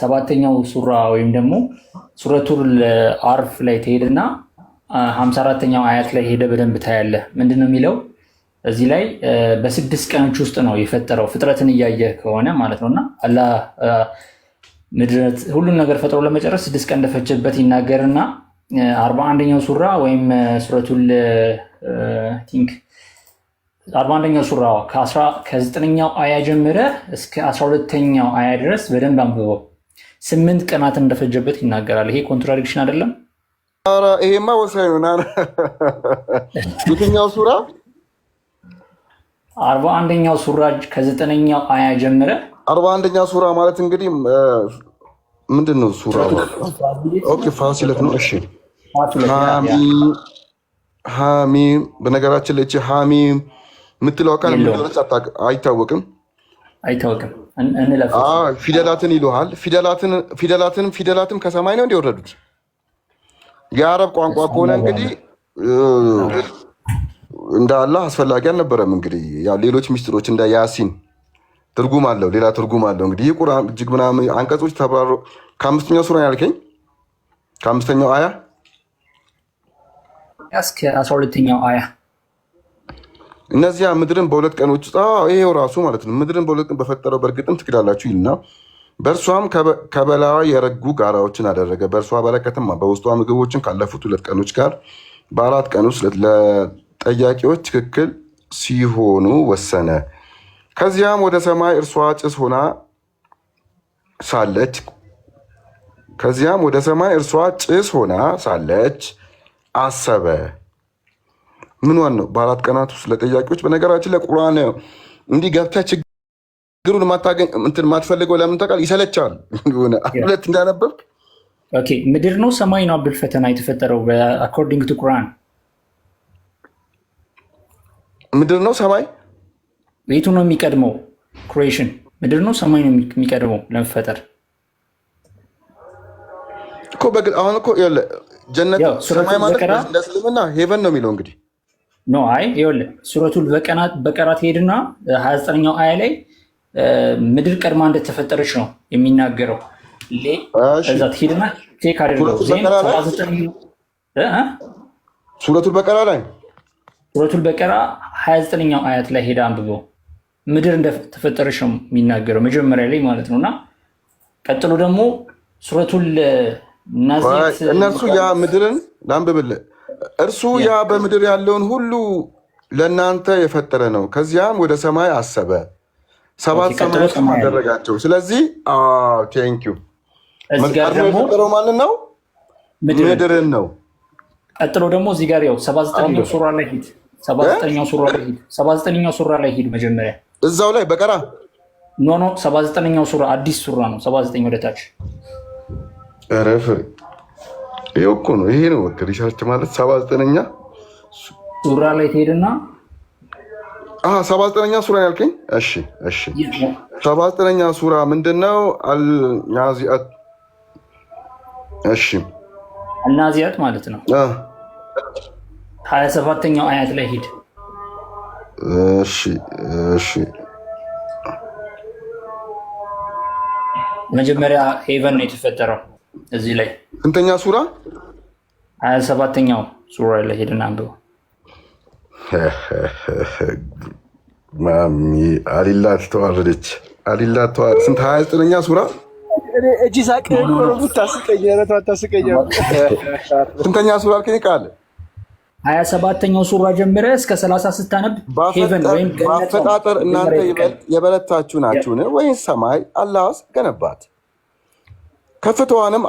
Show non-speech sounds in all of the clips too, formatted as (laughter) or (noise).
ሰባተኛው ሱራ ወይም ደግሞ ሱረቱል አርፍ ላይ ትሄድና ሀምሳ አራተኛው አያት ላይ ሄደ በደንብ ታያለህ። ምንድን ነው የሚለው እዚህ ላይ በስድስት ቀኖች ውስጥ ነው የፈጠረው ፍጥረትን እያየ ከሆነ ማለት ነው እና አላህ ምድረት ሁሉን ነገር ፈጥሮ ለመጨረስ ስድስት ቀን እንደፈጀበት ይናገርና አርባ አንደኛው ሱራ ወይም ሱረቱል ቲንክ አርባ አንደኛው ሱራ ከዘጠነኛው አያ ጀምረ እስከ አስራ ሁለተኛው አያ ድረስ በደንብ አንብበው። ስምንት ቀናትን እንደፈጀበት ይናገራል። ይሄ ኮንትራዲክሽን አይደለም? ይሄማ ወሳኝ ነው። የትኛው ሱራ? አርባ አንደኛው ሱራ ከዘጠነኛው አያ ጀምረ። አርባ አንደኛው ሱራ ማለት እንግዲህ ምንድን ነው? ሱራ ፋሲለት ነው። እሺ ሀሚም። በነገራችን ላይ ሀሚም የምትለው ቃል አይታወቅም አይታወቅም ፊደላትን ይሉሃል። ፊደላትን ፊደላትም ከሰማይ ነው እንዲወረዱት የአረብ ቋንቋ ከሆነ እንግዲህ እንዳለ አስፈላጊ አልነበረም። እንግዲህ ያው ሌሎች ሚስጥሮች እንደ ያሲን ትርጉም አለው፣ ሌላ ትርጉም አለው። እንግዲህ ይህ ቁርአን እጅግ ምናምን አንቀጾች ተብራሮ ከአምስተኛው ሱራ ያልከኝ ከአምስተኛው አያ እስከ አስራ ሁለተኛው አያ እነዚያ ምድርን በሁለት ቀኖች ውስጥ ይሄው ራሱ ማለት ነው። ምድርን በሁለት ቀን በፈጠረው በእርግጥም ትክዳላችሁ ይልና በእርሷም ከበላዋ የረጉ ጋራዎችን አደረገ። በእርሷ በረከትም በውስጧ ምግቦችን ካለፉት ሁለት ቀኖች ጋር በአራት ቀን ውስጥ ለጠያቂዎች ትክክል ሲሆኑ ወሰነ። ከዚያም ወደ ሰማይ እርሷ ጭስ ሆና ሳለች ከዚያም ወደ ሰማይ እርሷ ጭስ ሆና ሳለች አሰበ። ምኗን ነው በአራት ቀናት ውስጥ ለጠያቂዎች በነገራችን ለቁርአን እንዲህ ገብተህ ችግሩን እንትን ማትፈልገው ለምን ተቃል ይሰለቻል። ሆነ ሁለት እንዳነበብክ ኦኬ ምድር ነው ሰማይ ነው አብዱል ፈተና የተፈጠረው አኮርዲንግ ቱ ቁርአን ምድር ነው ሰማይ ቤቱ ነው የሚቀድመው ክሬሽን ምድር ነው ሰማይ ነው የሚቀድመው ለመፈጠር እኮ በግል አሁን እኮ ጀነት ሰማይ ማለት እንደ እስልምና ሄቨን ነው የሚለው እንግዲህ ኖ አይ ይኸውልህ ሱረቱል በቀራት ሄድና ሀያ ዘጠነኛው አያ ላይ ምድር ቀድማ እንደተፈጠረች ነው የሚናገረው። እዛ ትሄድና ቼክ አድርገው። ሱረቱል በቀራ ላይ ሱረቱል በቀራ ሀያ ዘጠነኛው አያት ላይ ሄዳ አንብበው። ምድር እንደተፈጠረች ነው የሚናገረው መጀመሪያ ላይ ማለት ነው። እና ቀጥሎ ደግሞ ሱረቱል ናዚያት እነርሱ ያ ምድርን ላንብብልህ እርሱ ያ በምድር ያለውን ሁሉ ለእናንተ የፈጠረ ነው። ከዚያም ወደ ሰማይ አሰበ፣ ሰባት ሰማያትም አደረጋቸው። ስለዚህ ቴንኪዩ የፈጠረው ማንን ነው? ምድርን ነው። ቀጥሎ ደግሞ እዚህ ጋር ያው ሰባ ዘጠነኛው ሱራ ላይ ሂድ፣ ሰባ ዘጠነኛው ሱራ ላይ ሂድ። መጀመሪያ እዛው ላይ በቀራ ኖ ኖ፣ ሰባ ዘጠነኛው ሱራ አዲስ ሱራ ነው። ሰባ ዘጠኝ ወደታች ረፍሬ ይኸው እኮ ነው። ይሄ ነው በቃ ሪሰርች ማለት ሰባ ዘጠነኛ ሱራ ላይ ትሄድና ሰባ ዘጠነኛ ሱራ ያልከኝ? እሺ እሺ፣ ሰባ ዘጠነኛ ሱራ ምንድን ነው? አልናዚአት። እሺ አልናዚአት ማለት ነው። ሀያ ሰባተኛው አያት ላይ ሂድ። እሺ እሺ፣ መጀመሪያ ሄቨን ነው የተፈጠረው እዚህ ላይ ስንተኛ ሱራ? ሀያ ሰባተኛው ሱራ ላይ ሄድን አንብበው። አሊላ ተዋረደች። አሊላ ተዋረደ። ስንት? ሀያ ዘጠነኛ ሱራ ስንተኛ ሱራ አልከኝ? ቃል ሀያ ሰባተኛው ሱራ ጀምረ እስከ ሰላሳ ስታነብ በአፈጣጠር እናንተ የበለታችሁ ናችሁን ወይም ሰማይ አላህስ ገነባት? ከፍታዋንም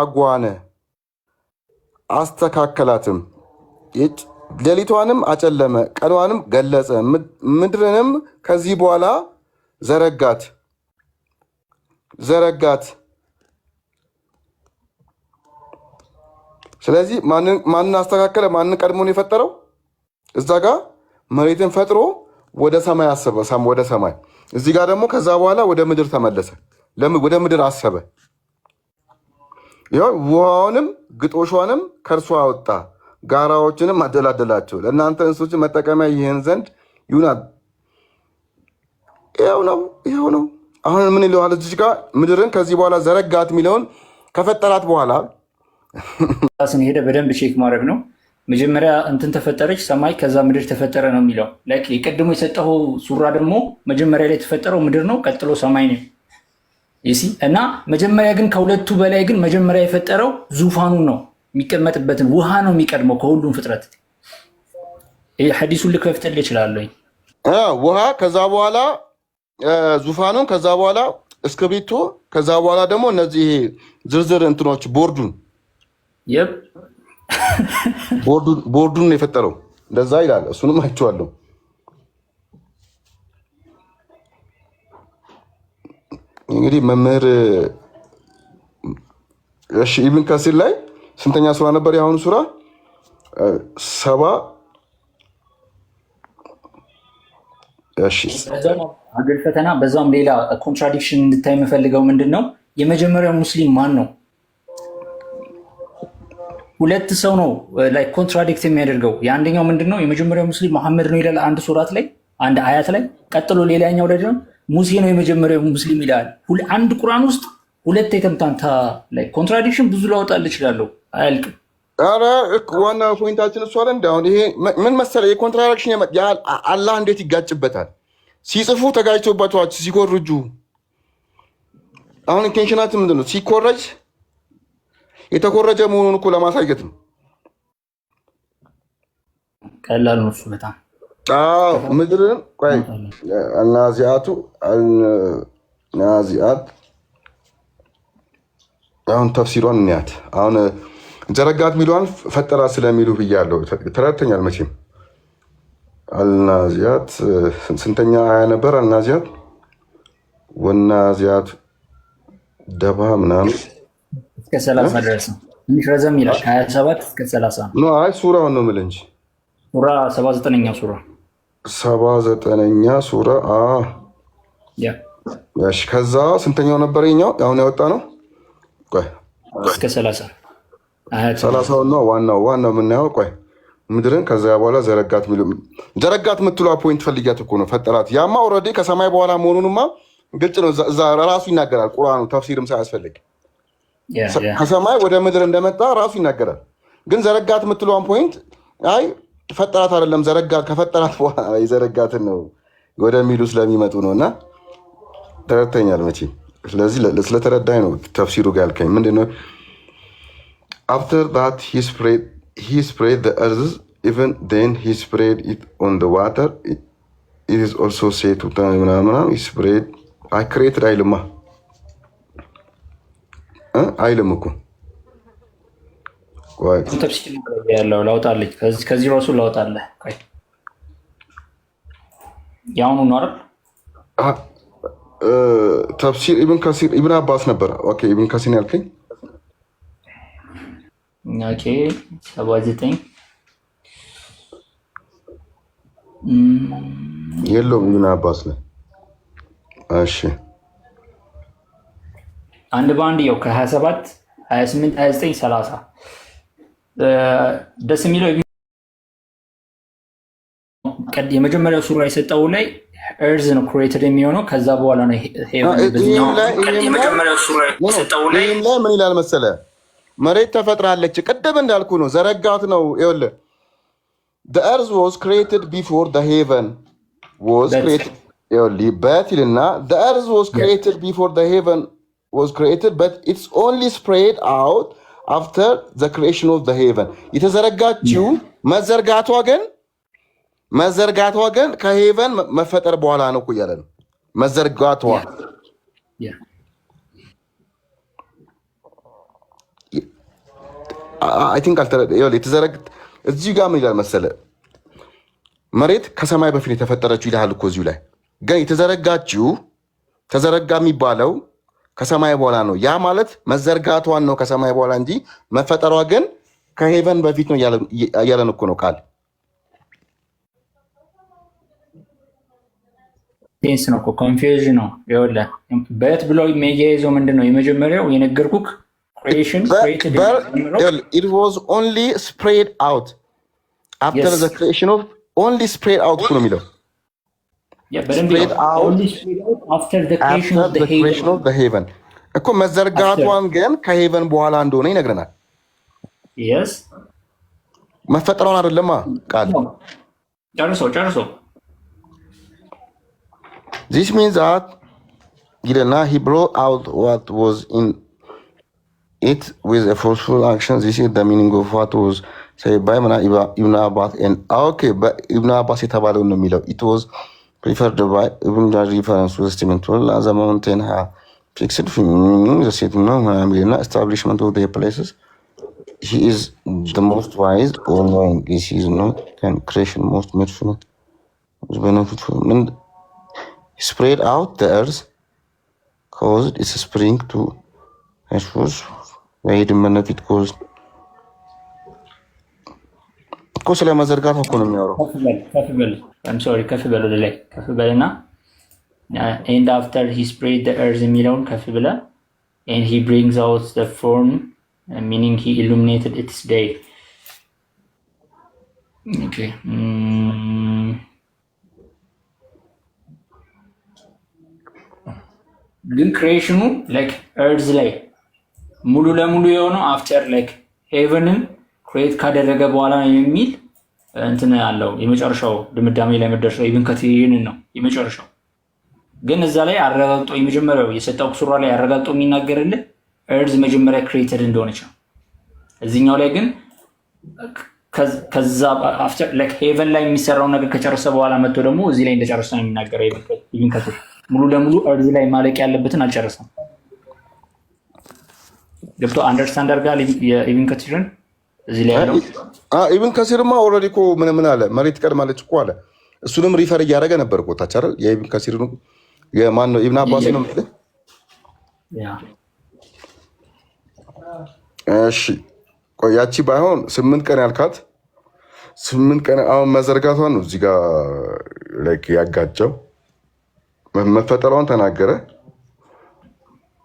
አጓነ አስተካከላትም፣ ሌሊቷንም አጨለመ፣ ቀኗንም ገለጸ፣ ምድርንም ከዚህ በኋላ ዘረጋት ዘረጋት። ስለዚህ ማንን አስተካከለ? ማንን ቀድሞን የፈጠረው እዛ ጋ መሬትን ፈጥሮ ወደ ሰማይ አሰበ፣ ወደ ሰማይ። እዚህ ጋር ደግሞ ከዛ በኋላ ወደ ምድር ተመለሰ፣ ወደ ምድር አሰበ። ውሃውንም ግጦሿንም ከእርሷ አወጣ፣ ጋራዎችንም አደላደላቸው። ለእናንተ እንስሶች መጠቀሚያ ይህን ዘንድ ይሁናል። ይኸው ነው፣ ይኸው ነው። አሁን ምን ይለዋል እዚህ ጋር ምድርን ከዚህ በኋላ ዘረጋት የሚለውን ከፈጠራት በኋላ ራስን (laughs) ሄደ በደንብ ቼክ ማድረግ ነው። መጀመሪያ እንትን ተፈጠረች ሰማይ፣ ከዛ ምድር ተፈጠረ ነው የሚለው። የቀድሞ የሰጠው ሱራ ደግሞ መጀመሪያ ላይ የተፈጠረው ምድር ነው፣ ቀጥሎ ሰማይ ነው። ይሲ እና መጀመሪያ ግን ከሁለቱ በላይ ግን መጀመሪያ የፈጠረው ዙፋኑን ነው የሚቀመጥበትን ውሃ ነው የሚቀድመው ከሁሉም ፍጥረት። ሐዲሱን ልከፍትልህ እችላለሁ። ውሃ ከዛ በኋላ ዙፋኑን ከዛ በኋላ እስክሪብቶ ከዛ በኋላ ደግሞ እነዚህ ዝርዝር እንትኖች ቦርዱን ቦርዱን የፈጠረው እንደዛ ይላል። እሱንም አይቼዋለሁ። እንግዲህ መምህር እሺ ኢብን ከሲር ላይ ስንተኛ ሱራ ነበር? የአሁኑ ሱራ ሰባ ሀገር ፈተና። በዛም ሌላ ኮንትራዲክሽን እንድታይ የምፈልገው ምንድን ነው፣ የመጀመሪያው ሙስሊም ማን ነው? ሁለት ሰው ነው ላይ ኮንትራዲክት የሚያደርገው። የአንደኛው ምንድን ነው? የመጀመሪያው ሙስሊም መሐመድ ነው ይላል አንድ ሱራት ላይ አንድ አያት ላይ ቀጥሎ ሌላኛው ደግሞ ሙሴ ነው የመጀመሪያው ሙስሊም ይላል። አንድ ቁርአን ውስጥ ሁለት የተምታንታ ላይ ኮንትራዲክሽን ብዙ ላወጣል እችላለሁ፣ አያልቅም። ኧረ ዋና ፖይንታችን እሷ ላይ አሁን ይሄ ምን መሰለ የኮንትራዲክሽን አላህ እንዴት ይጋጭበታል? ሲጽፉ ተጋጭቶባቸዋች ሲኮርጁ፣ አሁን ኢንቴንሽናት ምንድን ነው? ሲኮረጅ የተኮረጀ መሆኑን እኮ ለማሳየት ነው። ቀላሉ ነው በጣም አዎ ምድርን ቆይ አልናዚአቱ አልናዚአት አሁን ተፍሲሯን እንያት። አሁን ዘረጋት ሚለዋን ፈጠራ ስለሚሉ ብያለሁ። ተረድተኛል መቼም። አልናዚያት ስንተኛ ሀያ ነበር? አልናዚያት ወናዚያት ደባ ምናምን እስከ ሰላሳ ድረስ ትንሽ ረዘም ይላል። ከሀያ ሰባት እስከ ሰላሳ ነው። አይ ሱራውን ነው የምልህ እንጂ ሱራ ሰባ ዘጠነኛ ሱራ ሰባ ዘጠነኛ ሱራ ከዛ ስንተኛው ነበር? ኛው አሁን ያወጣ ነው እስከ ነው ዋናው ዋናው የምናየው። ቆይ ምድርን ከዛ በኋላ ዘረጋት ዘረጋት የምትሏ ፖይንት ፈልጊያት እኮ ነው ፈጠራት። ያማ ኦልሬዲ ከሰማይ በኋላ መሆኑንማ ግልጽ ነው። እዛ ራሱ ይናገራል ቁርአኑ ተፍሲርም ሳያስፈልግ ከሰማይ ወደ ምድር እንደመጣ ራሱ ይናገራል። ግን ዘረጋት የምትሏን ፖይንት አይ ፈጠራት አይደለም ዘረጋ ከፈጠራት በኋላ የዘረጋትን ነው ወደሚሉ ስለሚመጡ ነው። እና ተረድተኛል መቼም። ስለዚህ ስለተረዳኝ ነው ተፍሲሩ ጋር ያልከኝ ምንድን ነው? አፍተር ዛት ሂ ስፕሬድ ዘ እርዝ ኢቨን ዜን ሂ ስፕሬድ ኢት ኦን ዘ ዋተር ኢት ኢዝ ኦልሶ ሴት ምናምና ስፕሬድ አይ ክሬትድ አይልማ አይልም እኮ ጥብስ ያለው ላውጣልኝ። ከዚህ ራሱ ላውጣለህ። የአሁኑ ነው አይደል? ተፍሲር ኢብን ከሲር ኢብን አባስ ነበረ። ኦኬ ኢብን ከሲር ያልከኝ ኦኬ። ሰባ ዘጠኝ የለውም ኢብን አባስ ነው። እሺ አንድ በአንድ ያው ከ27 28 29 30 ደስ የሚለው የመጀመሪያው ሱራ የሰጠው ላይ እርዝ ነው ክሬትድ የሚሆነው ከዛ በኋላ ነው ላይ ምን ይላል መሰለ መሬት ተፈጥራለች። ቅድም እንዳልኩ ነው ዘረጋት ነው ይወል እርዝ ዋዝ ክሬትድ ቢፎር ሄቨን ዋዝ በት ይልና ርዝ ዋዝ ክሬትድ ቢፎር ሄቨን ዋዝ ክሬትድ በት ኢትስ ኦንሊ ስፕሬድ አውት አፍተር ዘ ክሪኤሽን ኦፍ ዘ ሄቨን የተዘረጋችው መዘርጋቷ ግን መዘርጋቷ ግን ከሄቨን መፈጠር በኋላ ነው እኮ እያለ ነው። መዘርጋቷ አይ ቲንክ የተዘረግ እዚሁ ጋር ምን ይላል መሰለ መሬት ከሰማይ በፊት የተፈጠረችው ይልሃል እኮ እዚሁ ላይ ግን የተዘረጋችው ተዘረጋ የሚባለው ከሰማይ በኋላ ነው። ያ ማለት መዘርጋቷን ነው ከሰማይ በኋላ እንጂ መፈጠሯ ግን ከሄቨን በፊት ነው እያለን እኮ ነው ቃል ቴንስ ነው እኮ ኮንፊውዥን ነው። ይኸውልህ በት ብሎ የሚያያይዘው ምንድን ነው? የመጀመሪያው የነገርኩህ ክሪኤሽን ኢት ኦንሊ ስፕሬድ አውት ነው የሚለው Yeah, but split out, only split out after the creation of the, the haven. creation of the haven. እኮ መዘርጋቷን ግን ከሄቨን በኋላ እንደሆነ ይነግረናል። የስ መፈጠሯን አይደለማ ቃል ጨርሶ ጨርሶ ዚስ ሚንስ አት ይለና ሂ ብሮት አውት ዋት ዋዝ ኢን ኢት ዊዝ ኤ ፎርስፉል አክሽን ዚስ ኢዝ ዘ ሚኒንግ ኦፍ ዋት ዋዝ ሴድ ባይ ኢብኑ አባስ ኦኬ በኢብኑ አባስ የተባለው ነው የሚለው ኢት ዋዝ preferred by even the reference to the statement well as a mountain ha fixed meaning the statement no establishment of their places he is the most wise all knowing is he is not can creation most merciful is beneficial and spread out the earth caused its spring to as was made benefit caused እኮ ስለ መዘርጋት እኮ ነው የሚያወራው። ከፍ በል ወደ ላይ ከፍ በል እና ኤንድ አፍተር ሂ ስፕሬድ ኤርዝ የሚለውን ከፍ ብለ ኤንድ ሂ ብሪንግስ አውት ዘ ፎርን ሚኒንግ ሂ ኢሉሚኔትድ ኢትስ ዴይ ግን ክሬሽኑ ላይክ ኤርዝ ላይ ሙሉ ለሙሉ የሆነው አፍተር ላይክ ሄቨንን ክሬት ካደረገ በኋላ የሚል እንትን ያለው የመጨረሻው ድምዳሜ ላይ መደረሻ ኢብን ከቲርን ነው የመጨረሻው። ግን እዛ ላይ አረጋግጦ የመጀመሪያው የሰጠው ሱራ ላይ አረጋግጦ የሚናገርልህ እርዝ መጀመሪያ ክሬትድ እንደሆነች ነው። እዚኛው ላይ ግን ከዛ ሄቨን ላይ የሚሰራውን ነገር ከጨረሰ በኋላ መጥቶ ደግሞ እዚህ ላይ እንደጨረሰ ነው የሚናገረው። ኢብን ከቲር ሙሉ ለሙሉ እርዝ ላይ ማለቅ ያለበትን አልጨረሰም። ገብቶ አንደርስታንድ አድርጋ የኢብን ከቲርን እዚህ ላይ ያለው ኢብን ከሲርማ ኦልሬዲ እኮ ምን ምን አለ መሬት ቀድማለች እኮ አለ። እሱንም ሪፈር እያደረገ ነበር እኮ ታች አይደል? የኢብን ከሲር የማን ነው? ኢብን አባስ ነው የምልህ። እሺ ቆያቺ ባይሆን ስምንት ቀን ያልካት ስምንት ቀን አሁን መዘርጋቷን ነው እዚህ ጋር ላይክ ያጋጨው መፈጠሯን ተናገረ።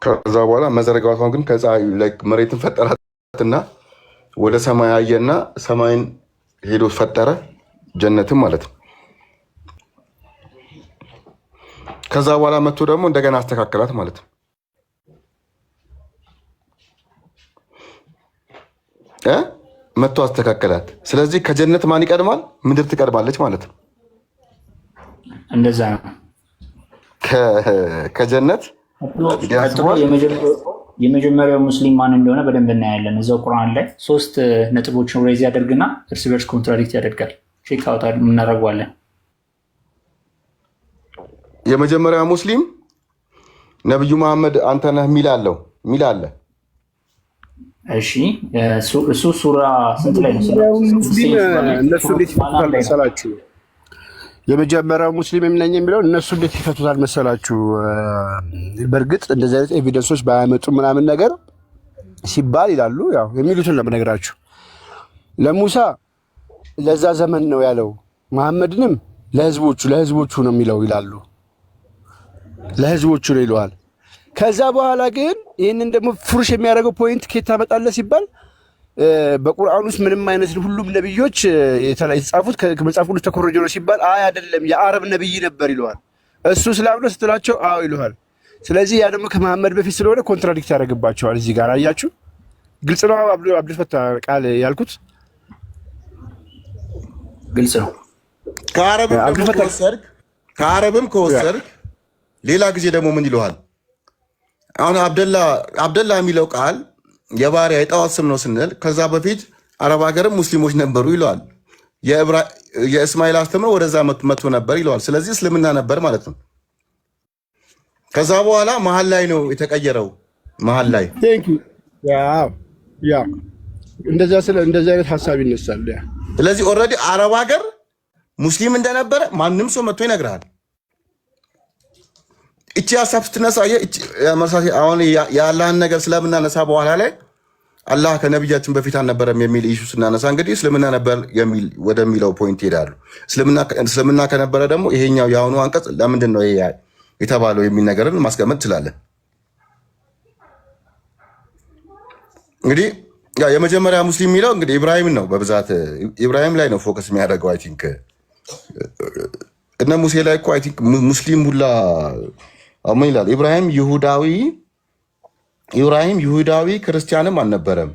ከዛ በኋላ መዘርጋቷን ግን ከዛ ላይክ መሬትን ፈጠራትና ወደ ሰማይ አየና ሰማይን ሄዶ ፈጠረ፣ ጀነትም ማለት ነው። ከዛ በኋላ መጥቶ ደግሞ እንደገና አስተካከላት ማለት ነው። መጥቶ አስተካከላት። ስለዚህ ከጀነት ማን ይቀድማል? ምድር ትቀድማለች ማለት ነው። እንደዛ ነው ከጀነት የመጀመሪያው ሙስሊም ማን እንደሆነ በደንብ እናያለን። እዛው ቁርአን ላይ ሶስት ነጥቦችን ሬዝ ያደርግና እርስ በርስ ኮንትራዲክት ያደርጋል። ቼክ አውት እናደርገዋለን። ሙስሊም ነቢዩ መሐመድ አንተ ነህ ሚል አለው ሚል አለ። እሺ እሱ ሱራ ስንት ላይ ነው? የመጀመሪያው ሙስሊም ነኝ የሚለው እነሱ እንዴት ይፈቱታል መሰላችሁ? በእርግጥ እንደዚህ አይነት ኤቪደንሶች ባያመጡ ምናምን ነገር ሲባል ይላሉ። ያው የሚሉትን ለምነግራችሁ ለሙሳ ለዛ ዘመን ነው ያለው፣ መሐመድንም ለህዝቦቹ ለህዝቦቹ ነው የሚለው ይላሉ። ለህዝቦቹ ነው ይለዋል። ከዛ በኋላ ግን ይህንን ደግሞ ፍሩሽ የሚያደርገው ፖይንት ኬት ታመጣለህ ሲባል በቁርአን ውስጥ ምንም አይነት ሁሉም ነብዮች የተጻፉት ከመጽሐፍ ቅዱስ ተኮረጆ ነው ሲባል አይ አይደለም የአረብ ነብይ ነበር ይለዋል። እሱ እስላም ነው ስትላቸው አዎ ይለዋል። ስለዚህ ያ ደግሞ ከመሐመድ በፊት ስለሆነ ኮንትራዲክት ያደርግባቸዋል። እዚህ ጋር አያችሁ፣ ግልጽ ነው አብዱልፈታ ቃል ያልኩት ግልጽ ነው። ከአረብም ከወሰድክ ሌላ ጊዜ ደግሞ ምን ይለዋል? አሁን አብደላ አብደላ የሚለው ቃል የባሪያ የጣዖት ስም ነው ስንል ከዛ በፊት አረብ ሀገርም ሙስሊሞች ነበሩ ይለዋል። የእስማኤል አስተምሮ ወደዛ መጥቶ ነበር ይለዋል። ስለዚህ እስልምና ነበር ማለት ነው። ከዛ በኋላ መሀል ላይ ነው የተቀየረው። መሀል ላይ እንደዚህ አይነት ሀሳብ ይነሳል። ስለዚህ ኦልሬዲ አረብ ሀገር ሙስሊም እንደነበረ ማንም ሰው መጥቶ ይነግርሃል። እቺ ሀሳብ ስትነሳ አሁን የአላህን ነገር ስለምናነሳ በኋላ ላይ አላህ ከነቢያችን በፊት አልነበረም የሚል ኢሹ ስናነሳ እንግዲህ እስልምና ነበር ወደሚለው ፖይንት ይሄዳሉ። እስልምና ከነበረ ደግሞ ይሄኛው የአሁኑ አንቀጽ ለምንድን ነው ይሄ የተባለው የሚል ነገርን ማስቀመጥ እንችላለን። እንግዲህ የመጀመሪያ ሙስሊም የሚለው እንግዲህ ኢብራሂም ነው። በብዛት ኢብራሂም ላይ ነው ፎከስ የሚያደርገው አይ ቲንክ እነ ሙሴ ላይ እኮ አይ ቲንክ ሙስሊም ሁላ ምን ይላል? ኢብራሂም ይሁዳዊ ኢብራሂም ይሁዳዊ ክርስቲያንም አልነበረም፣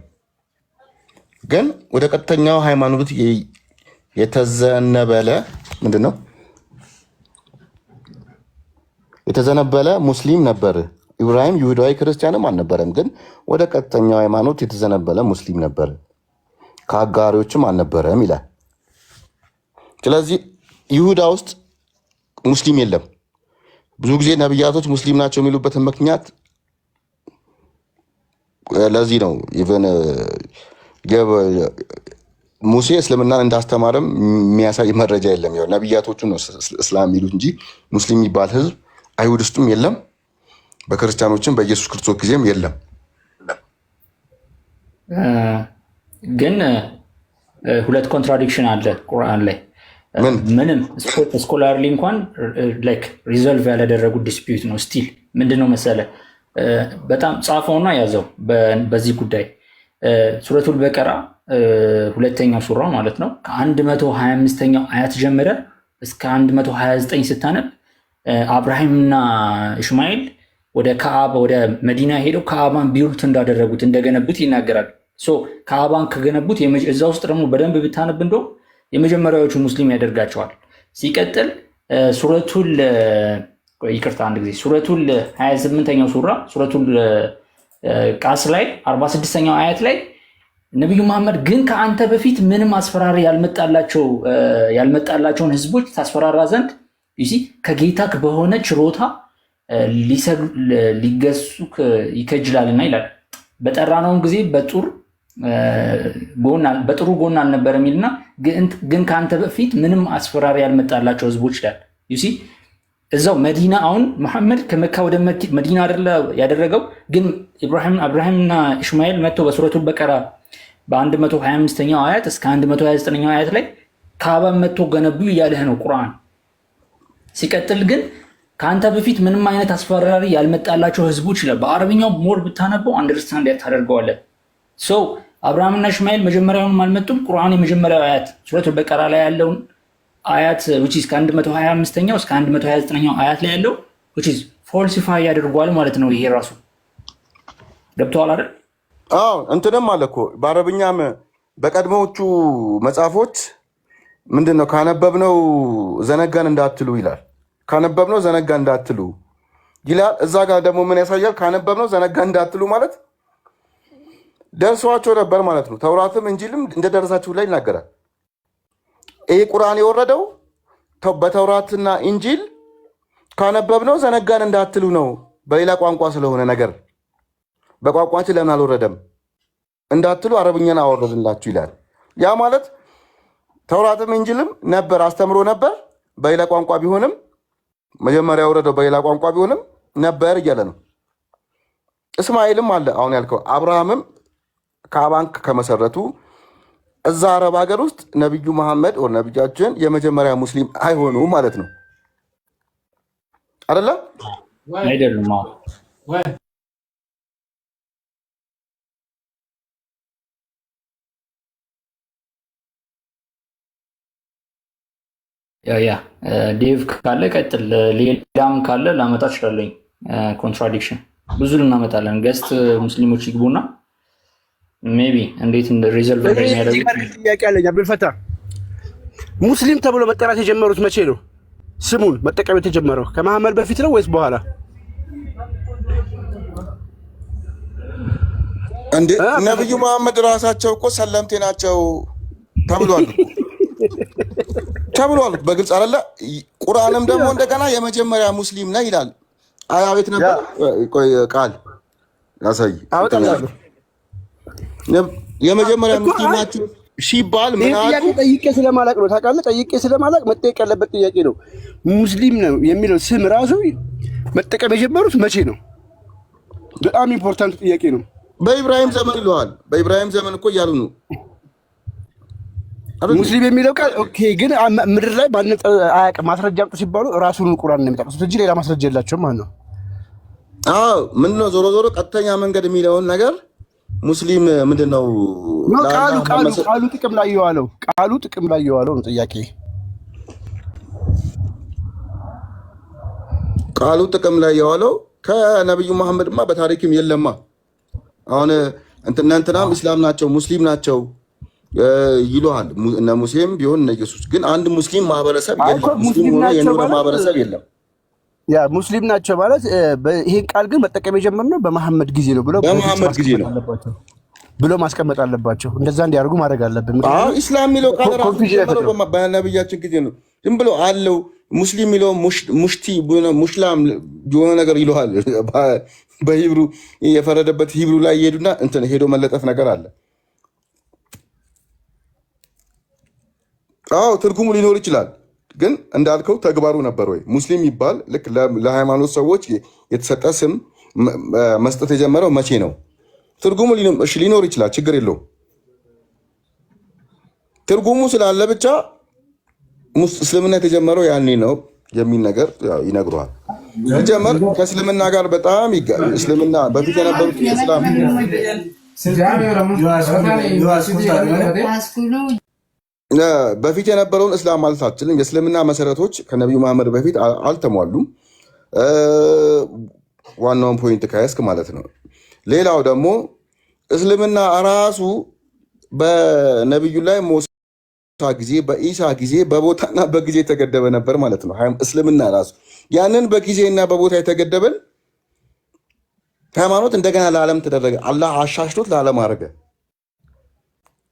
ግን ወደ ቀጥተኛው ሃይማኖት የተዘነበለ ምንድን ነው የተዘነበለ ሙስሊም ነበር። ኢብራሂም ይሁዳዊ ክርስቲያንም አልነበረም፣ ግን ወደ ቀጥተኛው ሃይማኖት የተዘነበለ ሙስሊም ነበር፣ ከአጋሪዎችም አልነበረም ይላል። ስለዚህ ይሁዳ ውስጥ ሙስሊም የለም። ብዙ ጊዜ ነብያቶች ሙስሊም ናቸው የሚሉበትን ምክንያት ለዚህ ነው። ኢቨን ሙሴ እስልምናን እንዳስተማረም የሚያሳይ መረጃ የለም። ያው ነብያቶቹ ነው እስላም የሚሉት እንጂ ሙስሊም የሚባል ህዝብ አይሁድ ውስጥም የለም፣ በክርስቲያኖችም በኢየሱስ ክርስቶስ ጊዜም የለም። ግን ሁለት ኮንትራዲክሽን አለ ቁርአን ላይ ምንም ስኮላርሊ እንኳን ላይክ ሪዘልቭ ያላደረጉ ዲስፒዩት ነው። ስቲል ምንድነው መሰለ በጣም ጻፈውና ያዘው በዚህ ጉዳይ ሱረቱል በቀራ ሁለተኛው ሱራ ማለት ነው ከ125ኛው አያት ጀምረ እስከ 129 ስታነብ አብርሃምና እሽማኤል ወደ ከአባ ወደ መዲና ሄደው ከአባን ቢሩት እንዳደረጉት እንደገነቡት ይናገራል። ከአባን ከገነቡት እዛ ውስጥ ደግሞ በደንብ ብታነብ እንደውም የመጀመሪያዎቹ ሙስሊም ያደርጋቸዋል። ሲቀጥል ሱረቱል ይቅርታ አንድ ጊዜ ሱረቱል 28ኛው ሱራ ሱረቱል ቃስ ላይ 46ኛው አያት ላይ ነቢዩ መሐመድ ግን ከአንተ በፊት ምንም አስፈራሪ ያልመጣላቸውን ህዝቦች ታስፈራራ ዘንድ ከጌታክ በሆነ ችሮታ ሊገሱክ ይከጅላልና ይላል። በጠራነውን ጊዜ በጡር በጥሩ ጎን አልነበር የሚልና ግን ከአንተ በፊት ምንም አስፈራሪ ያልመጣላቸው ህዝቦች ይላል። ዩሲ እዛው መዲና አሁን መሐመድ ከመካ ወደ መዲና አደለ ያደረገው፣ ግን አብርሃምና እሽማኤል መጥተው በሱረቱ በቀራ በ125ኛው አያት እስከ 129ኛው አያት ላይ ካባ መጥቶ ገነቡ እያለህ ነው ቁርአን። ሲቀጥል ግን ከአንተ በፊት ምንም አይነት አስፈራሪ ያልመጣላቸው ህዝቦች ይላል። በአረብኛው ሞር ብታነበው አንደርስታንድ ታደርገዋለን። አብርሃምና ሽማኤል መጀመሪያውን አልመጡም። ቁርአን የመጀመሪያው አያት ሱረቱል በቀራ ላይ ያለውን አያት which ከ125ኛው እስከ 129ኛው አያት ላይ ያለው which ፎልሲፋይ ያደርጓል ማለት ነው። ይሄ ራሱ ገብተዋል አይደል? አዎ እንትንም አለ እኮ በአረብኛም በቀድሞዎቹ መጽሐፎች ምንድን ነው ካነበብነው ዘነጋን እንዳትሉ ይላል። ካነበብነው ዘነጋን እንዳትሉ ይላል። እዛ ጋር ደግሞ ምን ያሳያል? ካነበብነው ዘነጋን እንዳትሉ ማለት ደርሷቸው ነበር ማለት ነው። ተውራትም እንጂልም እንደደረሳችሁ ላይ ይናገራል። ይህ ቁርአን የወረደው በተውራትና እንጂል ካነበብነው ዘነጋን እንዳትሉ ነው። በሌላ ቋንቋ ስለሆነ ነገር በቋንቋችን ለምን አልወረደም እንዳትሉ አረብኛን አወረድንላችሁ ይላል። ያ ማለት ተውራትም እንጂልም ነበር፣ አስተምሮ ነበር። በሌላ ቋንቋ ቢሆንም መጀመሪያ የወረደው በሌላ ቋንቋ ቢሆንም ነበር እያለ ነው። እስማኤልም አለ አሁን ያልከው አብርሃምም ካባንክ ከመሰረቱ እዛ አረብ ሀገር ውስጥ ነቢዩ መሐመድ ወር ነቢያችን የመጀመሪያ ሙስሊም አይሆኑም ማለት ነው አይደለም? አይደሉም። ያ ዴቭ ካለ ቀጥል፣ ሌላም ካለ ላመጣ እችላለኝ። ኮንትራዲክሽን ብዙ ልናመጣለን። ገስት ሙስሊሞች ይግቡና ሜቢ እንዴት ሪዘልቭ እንደሚያደርጉ ጥያቄ አለኝ። አብዱልፈታ ሙስሊም ተብሎ መጠራት የጀመሩት መቼ ነው? ስሙን መጠቀም የተጀመረው ከመሐመድ በፊት ነው ወይስ በኋላ? እንዴ ነብዩ መሐመድ ራሳቸው እኮ ሰለምቴ ናቸው ተብሏል ተብሏል በግልጽ አለ። ቁርአንም ደግሞ እንደገና የመጀመሪያ ሙስሊም ነህ ይላል። አያ ቤት ነበር ቃል ያሳይ የመጀመሪያ ምቲማቹ ሲባል ምናቱ ጠይቄ ስለማላቅ ነው ታውቃለህ። ጠይቄ ስለማላቅ መጠየቅ ያለበት ጥያቄ ነው። ሙስሊም ነው የሚለው ስም ራሱ መጠቀም የጀመሩት መቼ ነው? በጣም ኢምፖርታንት ጥያቄ ነው። በኢብራሂም ዘመን ይለዋል። በኢብራሂም ዘመን እኮ እያሉ ነው ሙስሊም የሚለው ቃል ኦኬ። ግን ምድር ላይ ባነጠ አያውቅም። ማስረጃ አምጡ ሲባሉ ራሱን ቁራን ነው የሚጠቅሱት እንጂ ሌላ ማስረጃ የላቸውም ማለት ነው። አዎ ምንድን ነው ዞሮ ዞሮ ቀጥተኛ መንገድ የሚለውን ነገር ሙስሊም ምንድን ነው ቃሉ? ቃሉ ጥቅም ላይ የዋለው ቃሉ ጥቅም ላይ የዋለው ነው ጥያቄ። ቃሉ ጥቅም ላይ የዋለው ከነቢዩ መሐመድማ በታሪክም የለማ። አሁን እንትና እንትናም ኢስላም ናቸው ሙስሊም ናቸው ይሉሃል እነ ሙሴም ቢሆን እነ ኢየሱስ ግን አንድ ሙስሊም ማህበረሰብ የለም፣ ሙስሊም ሆነ የኖረ ማህበረሰብ የለም። ያ ሙስሊም ናቸው ማለት ይህን ቃል ግን መጠቀም የጀመርነው በመሐመድ ጊዜ ነው ብሎ በመሐመድ ጊዜ ነው ብሎ ማስቀመጥ አለባቸው። እንደዛ እንዲያደርጉ ማድረግ አለብን። ኢስላም የሚለው ቃል በነብያችን ጊዜ ነው። ዝም ብሎ አለው ሙስሊም የሚለው ሙሽቲ ሙሽላም የሆነ ነገር ይለዋል። (laughs) በሂብሩ የፈረደበት ሂብሩ ላይ ይሄዱና እንትን ሄዶ መለጠፍ ነገር አለ። አዎ ትርጉሙ ሊኖር ይችላል። ግን እንዳልከው ተግባሩ ነበር ወይ? ሙስሊም ይባል ልክ ለሃይማኖት ሰዎች የተሰጠ ስም መስጠት የጀመረው መቼ ነው? ትርጉሙ ሊኖር ይችላል፣ ችግር የለውም። ትርጉሙ ስላለ ብቻ እስልምና የተጀመረው ያኔ ነው የሚል ነገር ይነግረዋል። ጀመር ከእስልምና ጋር በጣም እስልምና በፊት የነበሩት ስላም በፊት የነበረውን እስላም ማለት አትችልም። የእስልምና መሰረቶች ከነቢዩ መሐመድ በፊት አልተሟሉም። ዋናውን ፖይንት ከያስክ ማለት ነው። ሌላው ደግሞ እስልምና ራሱ በነቢዩ ላይ ሞሳ ጊዜ፣ በኢሳ ጊዜ በቦታና በጊዜ የተገደበ ነበር ማለት ነው። እስልምና ራሱ ያንን በጊዜና በቦታ የተገደበን ሃይማኖት እንደገና ለዓለም ተደረገ። አላህ አሻሽሎት ለዓለም አድረገ።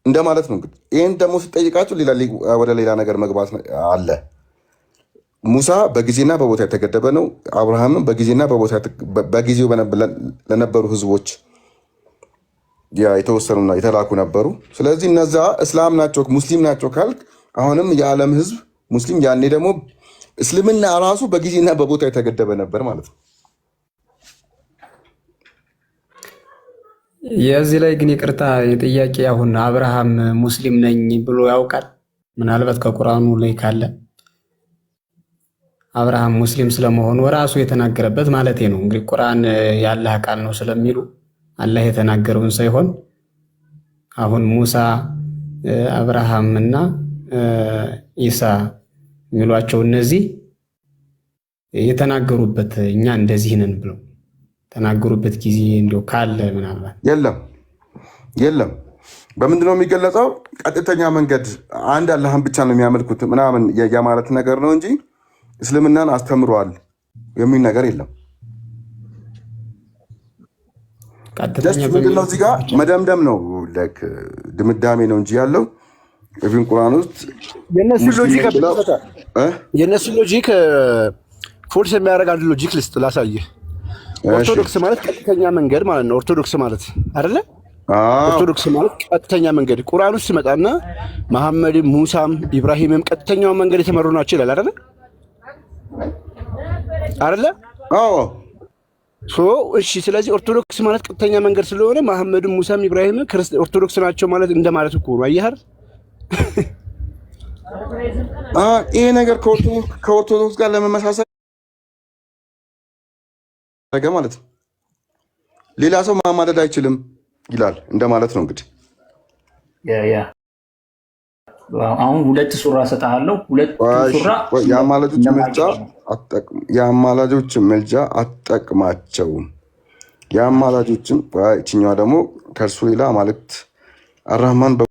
እንደማለት ነው። እንግዲህ ይህን ደግሞ ስጠይቃቸው ወደ ሌላ ነገር መግባት አለ። ሙሳ በጊዜና በቦታ የተገደበ ነው። አብርሃምም በጊዜና በጊዜው ለነበሩ ህዝቦች የተወሰኑና የተላኩ ነበሩ። ስለዚህ እነዛ እስላም ናቸው ሙስሊም ናቸው ካልክ አሁንም የዓለም ህዝብ ሙስሊም፣ ያኔ ደግሞ እስልምና ራሱ በጊዜና በቦታ የተገደበ ነበር ማለት ነው። የዚህ ላይ ግን ይቅርታ የጥያቄ አሁን አብርሃም ሙስሊም ነኝ ብሎ ያውቃል? ምናልባት ከቁርአኑ ላይ ካለ አብርሃም ሙስሊም ስለመሆኑ ራሱ የተናገረበት ማለት ነው። እንግዲህ ቁርአን የአላህ ቃል ነው ስለሚሉ አላህ የተናገረውን ሳይሆን አሁን ሙሳ፣ አብርሃም እና ኢሳ የሚሏቸው እነዚህ የተናገሩበት እኛ እንደዚህ ነን ብለው ተናገሩበት ጊዜ እን ካለ ምናልባት የለም የለም። በምንድን ነው የሚገለጸው? ቀጥተኛ መንገድ አንድ አላህን ብቻ ነው የሚያመልኩት ምናምን የማለት ነገር ነው እንጂ እስልምናን አስተምረዋል የሚል ነገር የለም። ምንድን ነው እዚህ ጋር መደምደም ነው ድምዳሜ ነው እንጂ ያለው ኢብን ቁርአን ውስጥ የእነሱን ሎጂክ ፎልስ የሚያደርግ አንድ ሎጂክ ልስጥ ላሳይህ ኦርቶዶክስ ማለት ቀጥተኛ መንገድ ማለት ነው። ኦርቶዶክስ ማለት አይደለ? ኦርቶዶክስ ማለት ቀጥተኛ መንገድ ቁርአን ውስጥ ሲመጣና መሐመድም ሙሳም ኢብራሂምም ቀጥተኛው መንገድ የተመሩ ናቸው ይላል አይደለ? አይደለ? አዎ። ሶ እሺ፣ ስለዚህ ኦርቶዶክስ ማለት ቀጥተኛ መንገድ ስለሆነ መሐመድም ሙሳም ኢብራሂምም ኦርቶዶክስ ናቸው ማለት እንደማለት እኮ ነው። አየህ አይደል? ይሄ ነገር ከኦርቶዶክስ ጋር ለመመሳሰል ነገ ማለት ነው። ሌላ ሰው ማማለድ አይችልም ይላል እንደማለት ነው። እንግዲህ አሁን ሁለት ሱራ ሰጥሃለሁ። የአማላጆች ምልጃ አትጠቅማቸውም። የአማላጆችም ችኛዋ ደግሞ ከእርሱ ሌላ ማለት አራህማን